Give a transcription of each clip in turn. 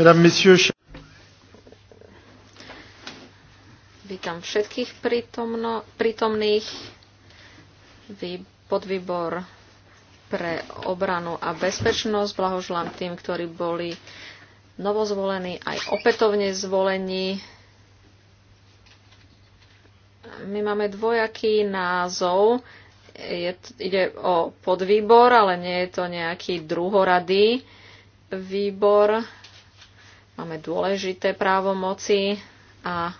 Mesdames, Messieurs, Vítam všetkých prítomno, prítomných. Vy, podvýbor pre obranu a bezpečnosť. Blahoželám tým, ktorí boli novozvolení aj opätovne zvolení. My máme dvojaký názov. Je, ide o podvýbor, ale nie je to nejaký druhorady výbor Máme dôležité právomoci a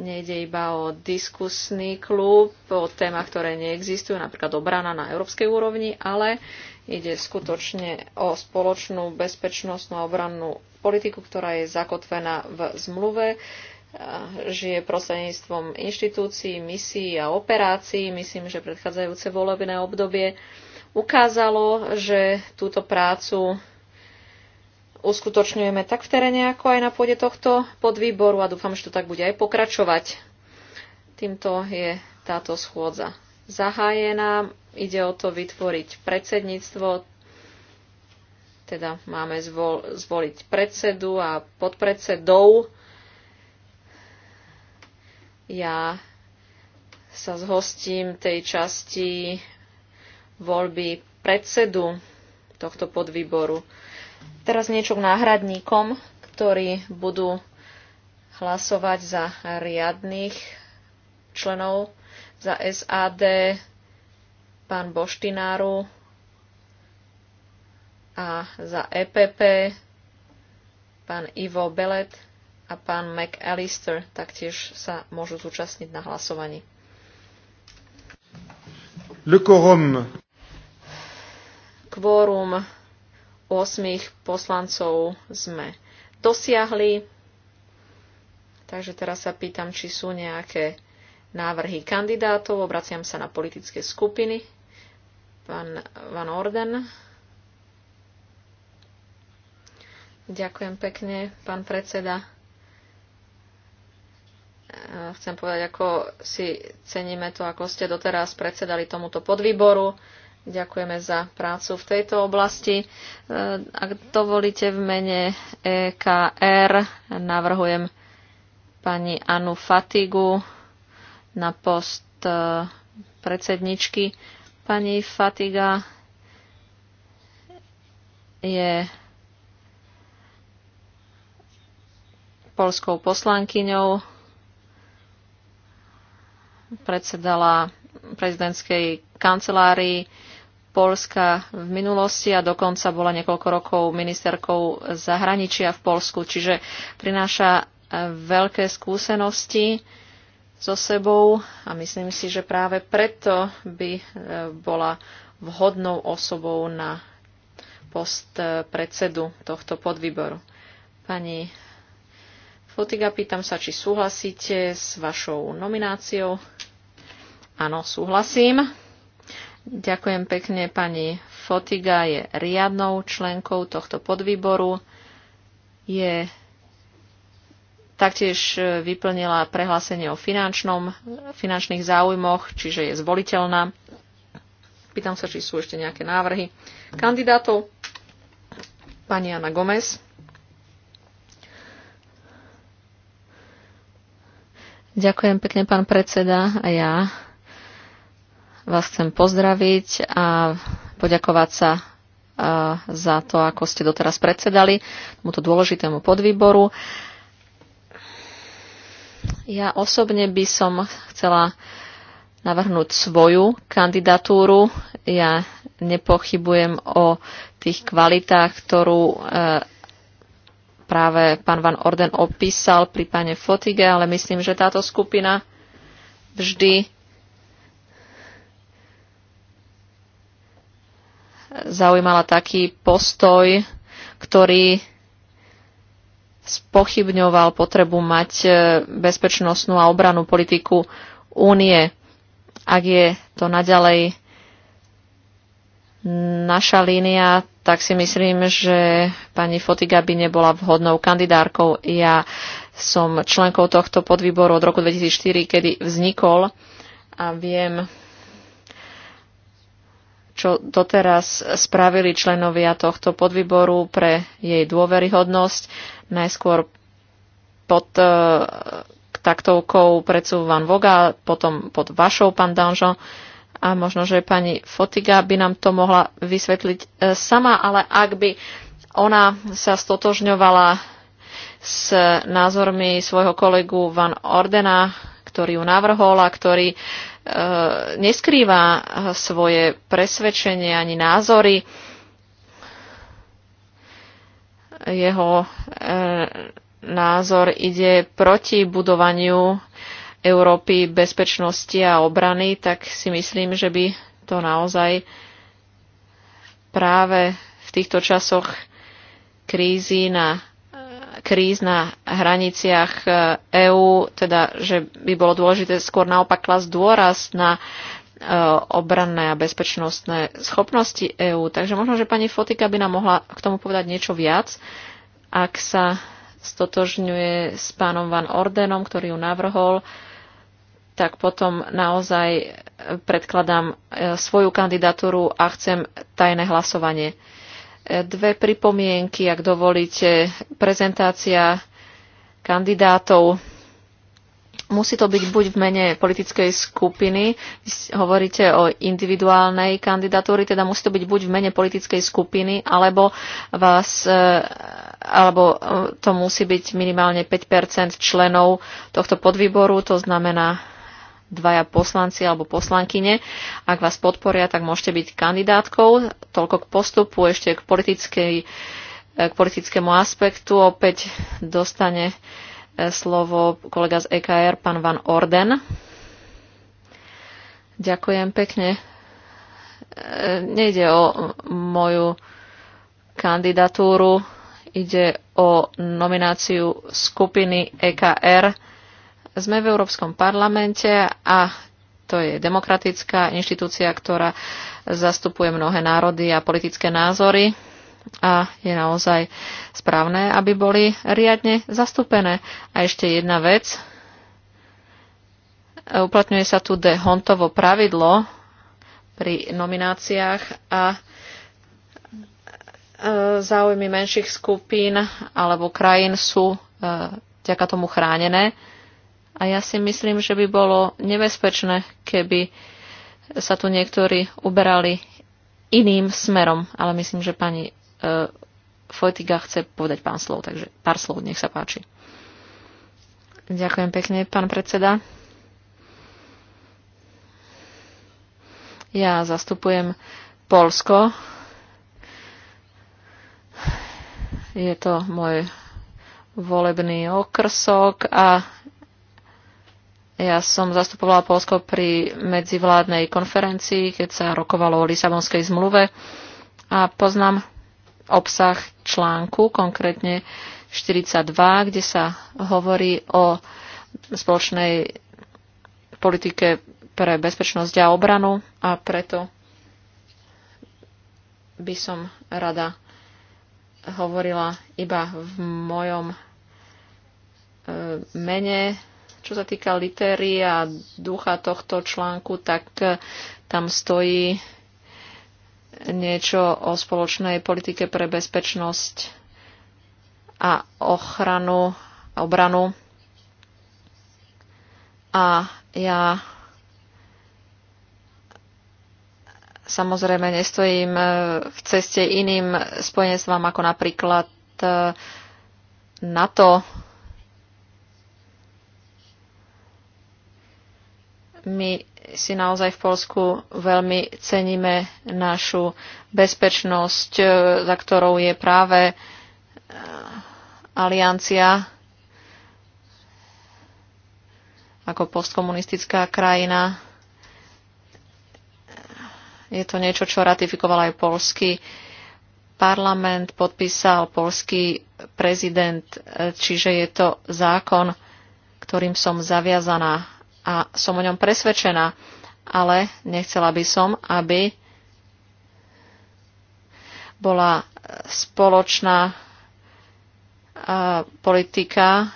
nejde iba o diskusný klub, o témach, ktoré neexistujú, napríklad obrana na európskej úrovni, ale ide skutočne o spoločnú bezpečnostnú a obrannú politiku, ktorá je zakotvená v zmluve, žije prostredníctvom inštitúcií, misií a operácií. Myslím, že predchádzajúce volebné obdobie ukázalo, že túto prácu uskutočňujeme tak v teréne, ako aj na pôde tohto podvýboru a dúfam, že to tak bude aj pokračovať. Týmto je táto schôdza zahájená. Ide o to vytvoriť predsedníctvo, teda máme zvol, zvoliť predsedu a podpredsedov. Ja sa zhostím tej časti voľby predsedu tohto podvýboru. Teraz niečo k náhradníkom, ktorí budú hlasovať za riadných členov, za SAD, pán Boštináru a za EPP pán Ivo Belet a pán McAllister taktiež sa môžu zúčastniť na hlasovaní. Le quorum. Kvórum 8 poslancov sme dosiahli. Takže teraz sa pýtam, či sú nejaké návrhy kandidátov. Obraciam sa na politické skupiny. Pán Van Orden. Ďakujem pekne, pán predseda. Ehm, chcem povedať, ako si ceníme to, ako ste doteraz predsedali tomuto podvýboru. Ďakujeme za prácu v tejto oblasti. E, ak dovolíte v mene EKR, navrhujem pani Anu Fatigu na post e, predsedničky. Pani Fatiga je polskou poslankyňou, predsedala prezidentskej kancelárii Polska v minulosti a dokonca bola niekoľko rokov ministerkou zahraničia v Polsku, čiže prináša eh, veľké skúsenosti so sebou a myslím si, že práve preto by eh, bola vhodnou osobou na post eh, predsedu tohto podvýboru. Pani Fotiga, pýtam sa, či súhlasíte s vašou nomináciou. Áno, súhlasím. Ďakujem pekne. Pani Fotiga je riadnou členkou tohto podvýboru. Je taktiež e, vyplnila prehlásenie o finančnom, finančných záujmoch, čiže je zvoliteľná. Pýtam sa, či sú ešte nejaké návrhy kandidátov. Pani Ana Gomez. Ďakujem pekne, pán predseda. A ja vás chcem pozdraviť a poďakovať sa e, za to, ako ste doteraz predsedali tomuto dôležitému podvýboru. Ja osobne by som chcela navrhnúť svoju kandidatúru. Ja nepochybujem o tých kvalitách, ktorú e, práve pán Van Orden opísal pri pane Fotige, ale myslím, že táto skupina vždy zaujímala taký postoj, ktorý spochybňoval potrebu mať e, bezpečnostnú a obranú politiku únie. Ak je to naďalej naša línia, tak si myslím, že pani Fotiga by nebola vhodnou kandidárkou. Ja som členkou tohto podvýboru od roku 2004, kedy vznikol a viem, čo doteraz spravili členovia tohto podvýboru pre jej dôveryhodnosť. Najskôr pod uh, taktovkou predsú Van Voga, potom pod vašou, pán Danžo. A možno, že pani Fotiga by nám to mohla vysvetliť uh, sama, ale ak by ona sa stotožňovala s názormi svojho kolegu Van Ordena, ktorý ju navrhol a ktorý uh, E, neskrýva svoje presvedčenie ani názory. Jeho e, názor ide proti budovaniu Európy bezpečnosti a obrany, tak si myslím, že by to naozaj práve v týchto časoch krízy na kríz na hraniciach e, EÚ, teda že by bolo dôležité skôr naopak klas dôraz na e, obranné a bezpečnostné schopnosti EÚ. Takže možno, že pani Fotika by nám mohla k tomu povedať niečo viac, ak sa stotožňuje s pánom Van Ordenom, ktorý ju navrhol, tak potom naozaj predkladám e, svoju kandidatúru a chcem tajné hlasovanie dve pripomienky, ak dovolíte, prezentácia kandidátov. Musí to byť buď v mene politickej skupiny, hovoríte o individuálnej kandidatúry, teda musí to byť buď v mene politickej skupiny, alebo, vás, e, alebo e, to musí byť minimálne 5 členov tohto podvýboru, to znamená dvaja poslanci alebo poslankyne. Ak vás podporia, tak môžete byť kandidátkou. Toľko k postupu, ešte k, politickej, e, k politickému aspektu. Opäť dostane e, slovo kolega z EKR, pán Van Orden. Ďakujem pekne. E, nejde o moju kandidatúru, ide o nomináciu skupiny EKR sme v Európskom parlamente a to je demokratická inštitúcia, ktorá zastupuje mnohé národy a politické názory a je naozaj správne, aby boli riadne zastúpené. A ešte jedna vec. Uplatňuje sa tu de Hontovo pravidlo pri nomináciách a e, záujmy menších skupín alebo krajín sú e, vďaka tomu chránené. A ja si myslím, že by bolo nebezpečné, keby sa tu niektorí uberali iným smerom. Ale myslím, že pani e, Fojtiga chce povedať pán slov, takže pár slov, nech sa páči. Ďakujem pekne, pán predseda. Ja zastupujem Polsko. Je to môj volebný okrsok a ja som zastupovala Polsko pri medzivládnej konferencii, keď sa rokovalo o Lisabonskej zmluve a poznám obsah článku, konkrétne 42, kde sa hovorí o spoločnej politike pre bezpečnosť a obranu a preto by som rada hovorila iba v mojom e, mene čo sa týka litery a ducha tohto článku, tak e, tam stojí niečo o spoločnej politike pre bezpečnosť a ochranu, obranu. A ja samozrejme nestojím e, v ceste iným spojenstvám ako napríklad e, NATO. My si naozaj v Polsku veľmi ceníme našu bezpečnosť, e, za ktorou je práve e, aliancia ako postkomunistická krajina. Je to niečo, čo ratifikoval aj polský parlament, podpísal polský prezident, e, čiže je to zákon, ktorým som zaviazaná a som o ňom presvedčená, ale nechcela by som, aby bola spoločná e, politika,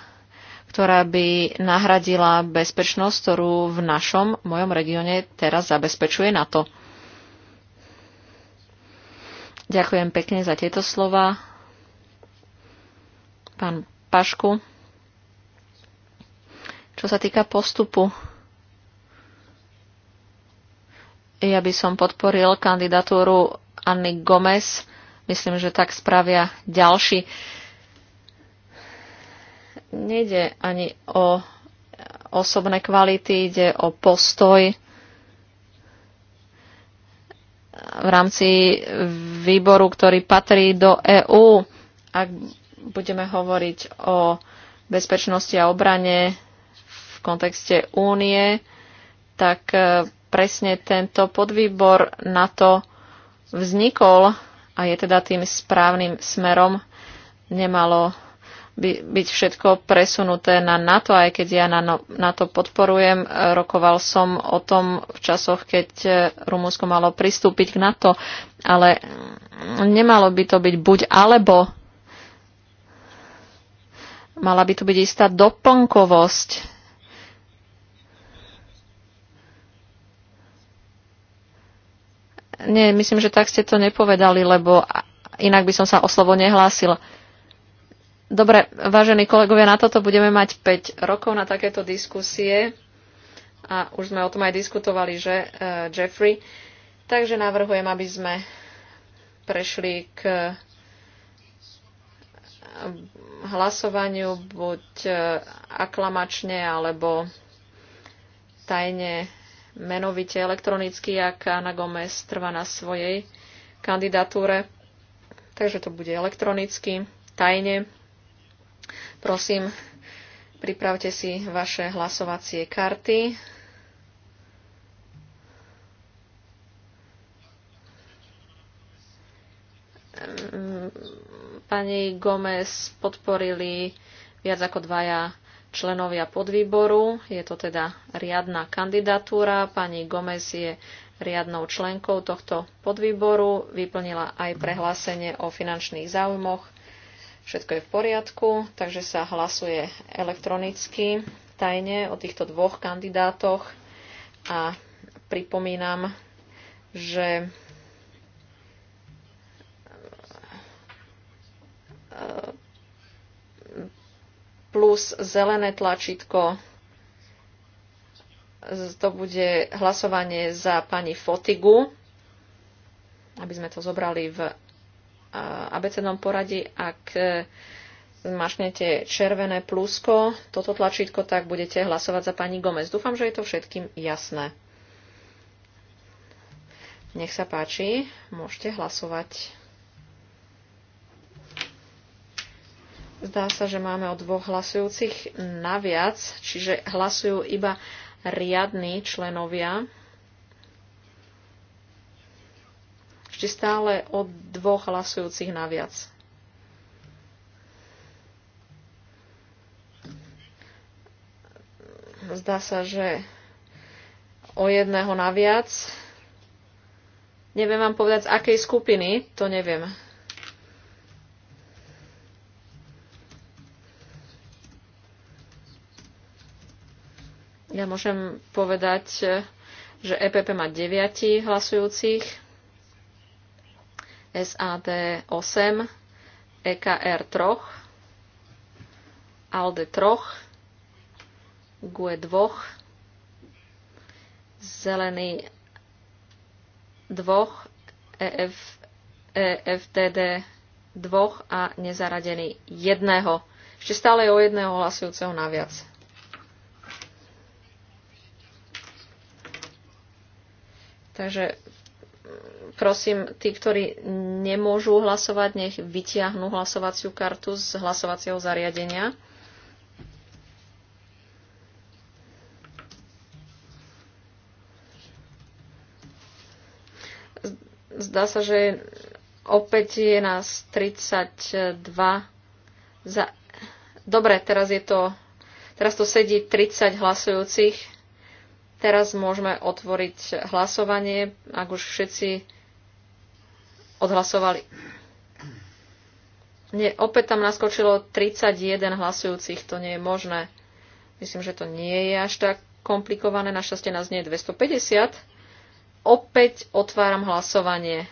ktorá by nahradila bezpečnosť, ktorú v našom, mojom regióne teraz zabezpečuje NATO. Ďakujem pekne za tieto slova. Pán Pašku. Čo sa týka postupu, ja by som podporil kandidatúru Anny Gomez. Myslím, že tak spravia ďalší. Nejde ani o osobné kvality, ide o postoj v rámci výboru, ktorý patrí do EÚ. Ak budeme hovoriť o bezpečnosti a obrane, kontexte únie, tak e, presne tento podvýbor na to vznikol a je teda tým správnym smerom. Nemalo by, byť všetko presunuté na NATO, aj keď ja na no, to podporujem. Rokoval som o tom v časoch, keď e, Rumúnsko malo pristúpiť k NATO, ale mm, nemalo by to byť buď alebo. Mala by to byť istá doplnkovosť Nie, myslím, že tak ste to nepovedali, lebo inak by som sa o slovo nehlásila. Dobre, vážení kolegovia, na toto budeme mať 5 rokov na takéto diskusie a už sme o tom aj diskutovali, že uh, Jeffrey. Takže navrhujem, aby sme prešli k hlasovaniu buď e, aklamačne alebo tajne menovite elektronicky, ak Ana Gomez trvá na svojej kandidatúre. Takže to bude elektronicky, tajne. Prosím, pripravte si vaše hlasovacie karty. Ehm, pani Gomez podporili viac ako dvaja členovia podvýboru. Je to teda riadna kandidatúra. Pani Gomez je riadnou členkou tohto podvýboru. Vyplnila aj prehlásenie o finančných záujmoch. Všetko je v poriadku, takže sa hlasuje elektronicky, tajne o týchto dvoch kandidátoch. A pripomínam, že plus zelené tlačítko. To bude hlasovanie za pani Fotigu, aby sme to zobrali v abecednom poradí. Ak e, zmašnete červené plusko, toto tlačítko, tak budete hlasovať za pani Gomez. Dúfam, že je to všetkým jasné. Nech sa páči, môžete hlasovať. Zdá sa, že máme o dvoch hlasujúcich naviac, čiže hlasujú iba riadní členovia. Ešte stále o dvoch hlasujúcich naviac. Zdá sa, že o jedného naviac. Neviem vám povedať, z akej skupiny, to neviem. Ja môžem povedať, že EPP má 9 hlasujúcich, SAD 8, EKR 3, ALDE 3, GUE 2, Zelený 2, EF, EFTD 2 a nezaradený 1. Ešte stále je o jedného hlasujúceho naviac. Takže mm, prosím, tí, ktorí nemôžu hlasovať, nech vytiahnu hlasovaciu kartu z hlasovacieho zariadenia. Zdá sa, že opäť je nás 32 za... Dobre, teraz je to... Teraz to sedí 30 hlasujúcich Teraz môžeme otvoriť hlasovanie, ak už všetci odhlasovali. Nie, opäť tam naskočilo 31 hlasujúcich, to nie je možné. Myslím, že to nie je až tak komplikované, našťastie nás nie je 250. Opäť otváram hlasovanie.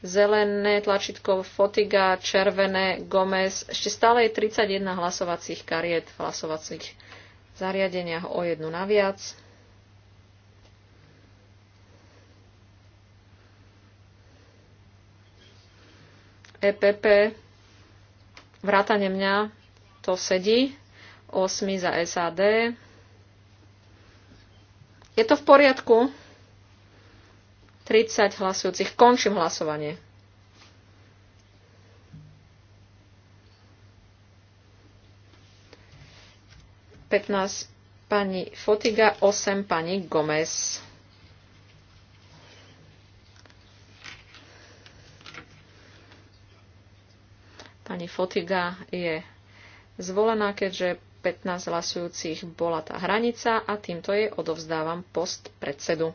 Zelené tlačítko Fotiga, červené Gomez, ešte stále je 31 hlasovacích kariet, hlasovacích zariadeniach o jednu naviac. EPP, vrátane mňa, to sedí, 8 za SAD. Je to v poriadku? 30 hlasujúcich. Končím hlasovanie. 15 pani Fotiga, 8 pani Gomez. Pani Fotiga je zvolená, keďže 15 hlasujúcich bola tá hranica a týmto jej odovzdávam post predsedu.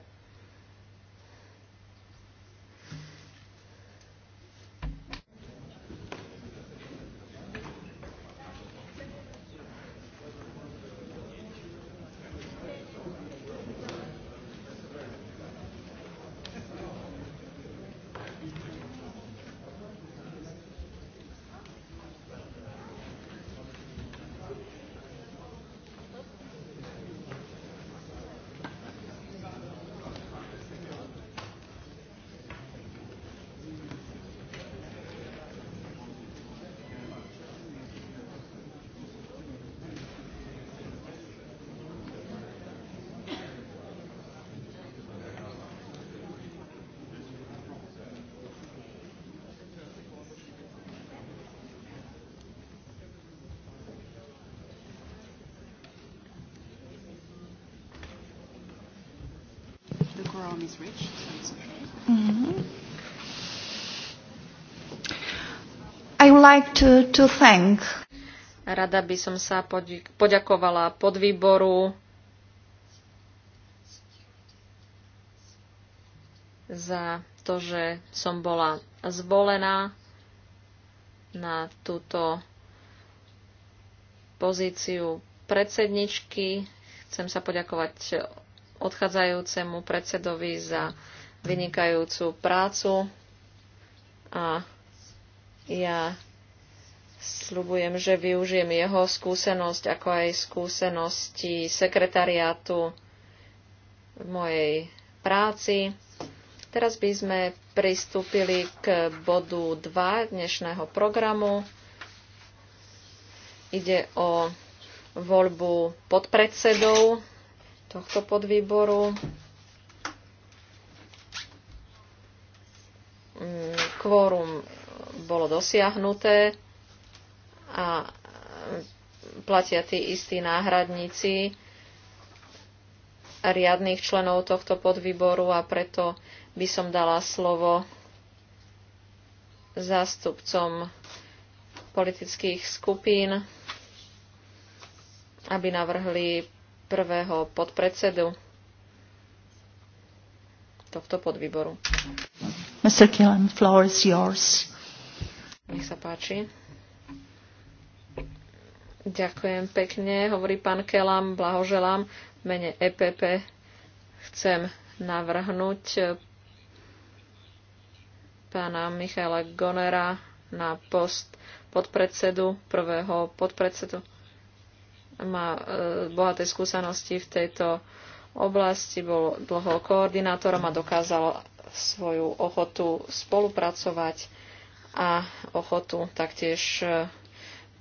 is so it's okay. Mm-hmm. I would like to, to thank. Rada by som sa poďakovala podvýboru za to, že som bola zvolená na túto pozíciu predsedničky. Chcem sa poďakovať odchádzajúcemu predsedovi za vynikajúcu prácu a ja Sľubujem, že využijem jeho skúsenosť, ako aj skúsenosti sekretariátu v mojej práci. Teraz by sme pristúpili k bodu 2 dnešného programu. Ide o voľbu podpredsedov tohto podvýboru. Mm, kvórum bolo dosiahnuté a mm, platia tí istí náhradníci riadných členov tohto podvýboru a preto by som dala slovo zástupcom politických skupín, aby navrhli prvého podpredsedu tohto podvýboru. Mr. Killen, floor is yours. Nech sa páči. Ďakujem pekne, hovorí pán Kelam, blahoželám. V mene EPP chcem navrhnúť pána Michaela Gonera na post podpredsedu, prvého podpredsedu má e, bohaté skúsenosti v tejto oblasti, bol dlho koordinátorom a dokázal svoju ochotu spolupracovať a ochotu taktiež e,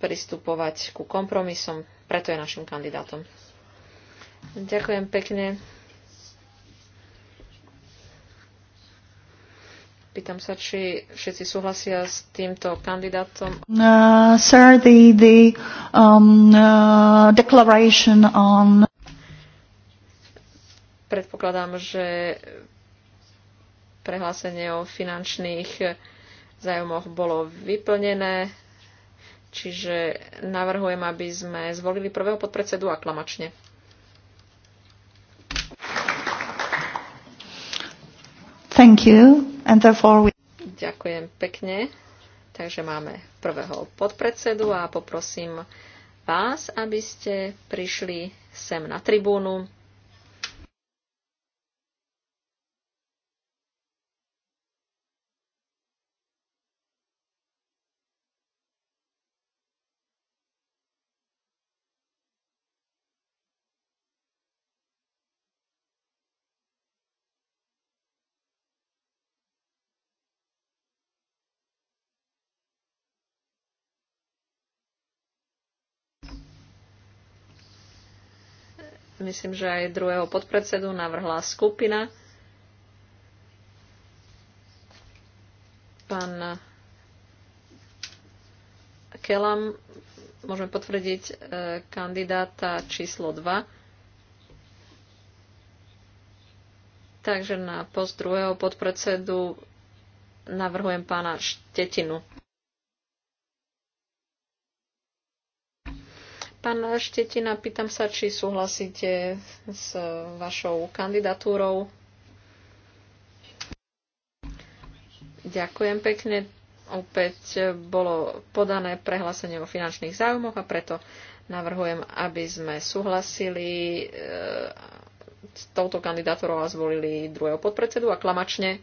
pristupovať ku kompromisom. Preto je našim kandidátom. Ďakujem pekne. Pýtam sa, či všetci súhlasia s týmto kandidátom. Uh, sir, the, the um, uh, declaration on... Predpokladám, že prehlásenie o finančných zájmoch bolo vyplnené, čiže navrhujem, aby sme zvolili prvého podpredsedu aklamačne. Thank you. And therefore we... Ďakujem pekne. Takže máme prvého podpredsedu a poprosím vás, aby ste prišli sem na tribúnu. myslím, že aj druhého podpredsedu navrhla skupina. Pán Kelam, môžeme potvrdiť e, kandidáta číslo 2. Takže na post druhého podpredsedu navrhujem pána Štetinu. Pán Štetina, pýtam sa, či súhlasíte s vašou kandidatúrou. Ďakujem pekne. Opäť bolo podané prehlásenie o finančných záujmoch a preto navrhujem, aby sme súhlasili e, s touto kandidatúrou a zvolili druhého podpredsedu a klamačne.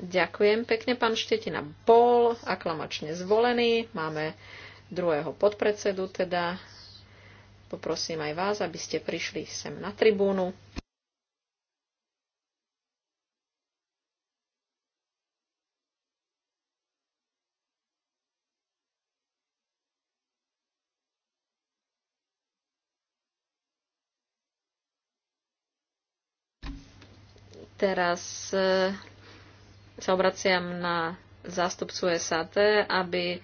Ďakujem pekne, pán Štetina. Bol aklamačne zvolený. Máme druhého podpredsedu, teda poprosím aj vás, aby ste prišli sem na tribúnu. teraz eh, sa obraciam na zástupcu SAT, aby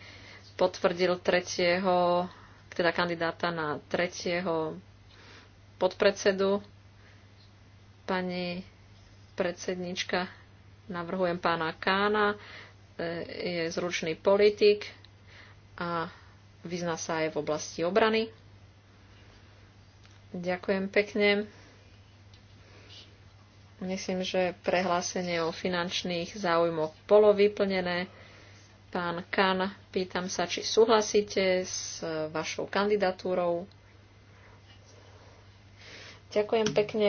potvrdil tretieho, teda kandidáta na tretieho podpredsedu. Pani predsednička, navrhujem pána Kána, e, je zručný politik a vyzná sa aj v oblasti obrany. Ďakujem pekne. Myslím, že prehlásenie o finančných záujmoch bolo vyplnené. Pán Kan, pýtam sa, či súhlasíte s vašou kandidatúrou. Ďakujem pekne.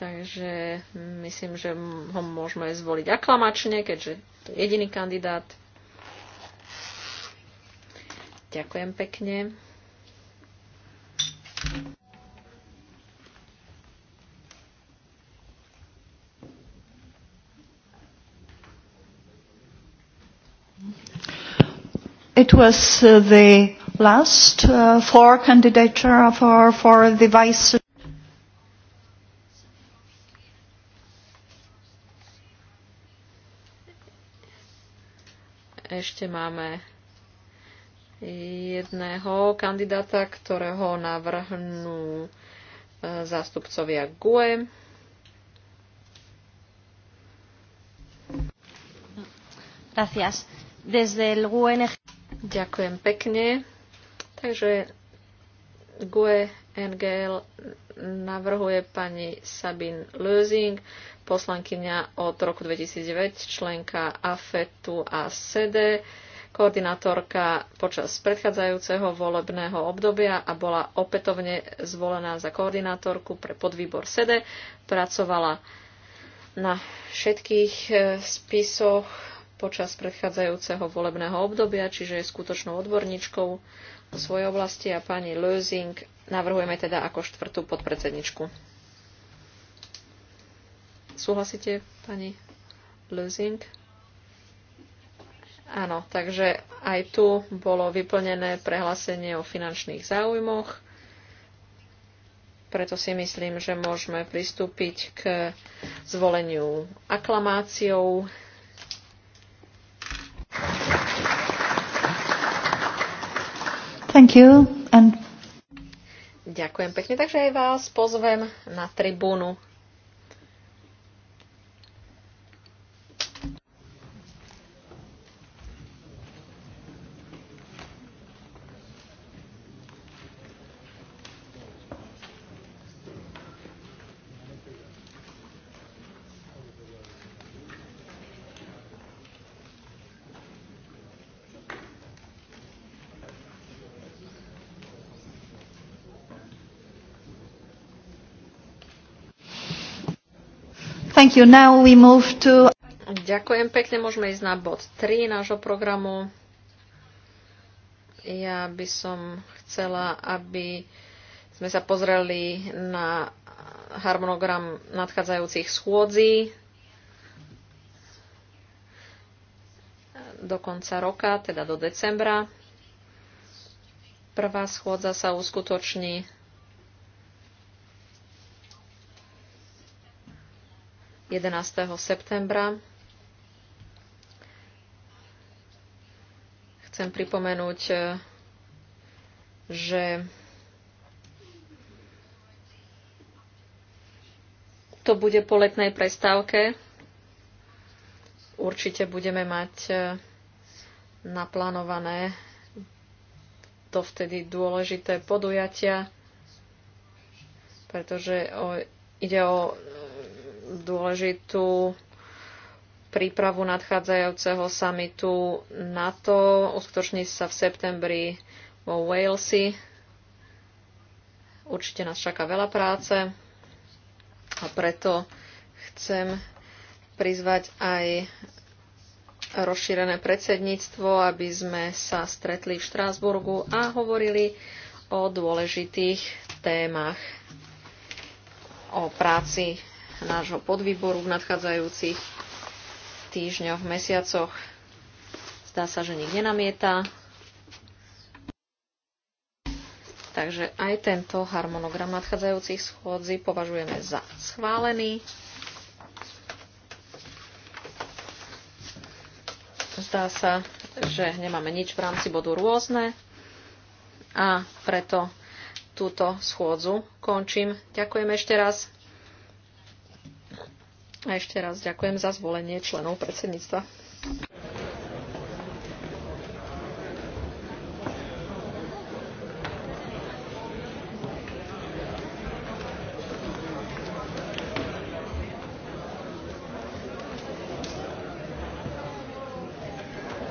Takže myslím, že ho môžeme zvoliť aklamačne, keďže to je jediný kandidát. Ďakujem pekne. It was uh, the last uh, four candidature for, for the vice. Ešte máme jedného kandidáta, ktorého navrhnú e, zástupcovia GUE. Gracias. Desde el UNG... Ďakujem pekne. Takže GUE NGL navrhuje pani Sabin Lösing, poslankyňa od roku 2009, členka AFETu a SEDE koordinátorka počas predchádzajúceho volebného obdobia a bola opätovne zvolená za koordinátorku pre podvýbor SEDE. Pracovala na všetkých e, spisoch počas predchádzajúceho volebného obdobia, čiže je skutočnou odborníčkou v svojej oblasti a pani Lösing navrhujeme teda ako štvrtú podpredsedničku. Súhlasíte, pani Lösing? Áno, takže aj tu bolo vyplnené prehlásenie o finančných záujmoch. Preto si myslím, že môžeme pristúpiť k zvoleniu aklamáciou. Thank you. And... Ďakujem pekne, takže aj vás pozvem na tribúnu Thank you. Now we move to... Ďakujem pekne, môžeme ísť na bod 3 nášho programu. Ja by som chcela, aby sme sa pozreli na harmonogram nadchádzajúcich schôdzí do konca roka, teda do decembra. Prvá schôdza sa uskutoční 11. septembra. Chcem pripomenúť, e, že to bude po letnej prestávke. Určite budeme mať e, naplánované dovtedy dôležité podujatia, pretože o, ide o dôležitú prípravu nadchádzajúceho samitu NATO. Uskutoční sa v septembri vo Walesi. Určite nás čaká veľa práce a preto chcem prizvať aj rozšírené predsedníctvo, aby sme sa stretli v Štrásburgu a hovorili o dôležitých témach, o práci nášho podvýboru v nadchádzajúcich týždňoch, mesiacoch. Zdá sa, že nikde namieta. Takže aj tento harmonogram nadchádzajúcich schôdzi považujeme za schválený. Zdá sa, že nemáme nič v rámci bodu rôzne a preto túto schôdzu končím. Ďakujem ešte raz. A ešte raz ďakujem za zvolenie členov predsedníctva.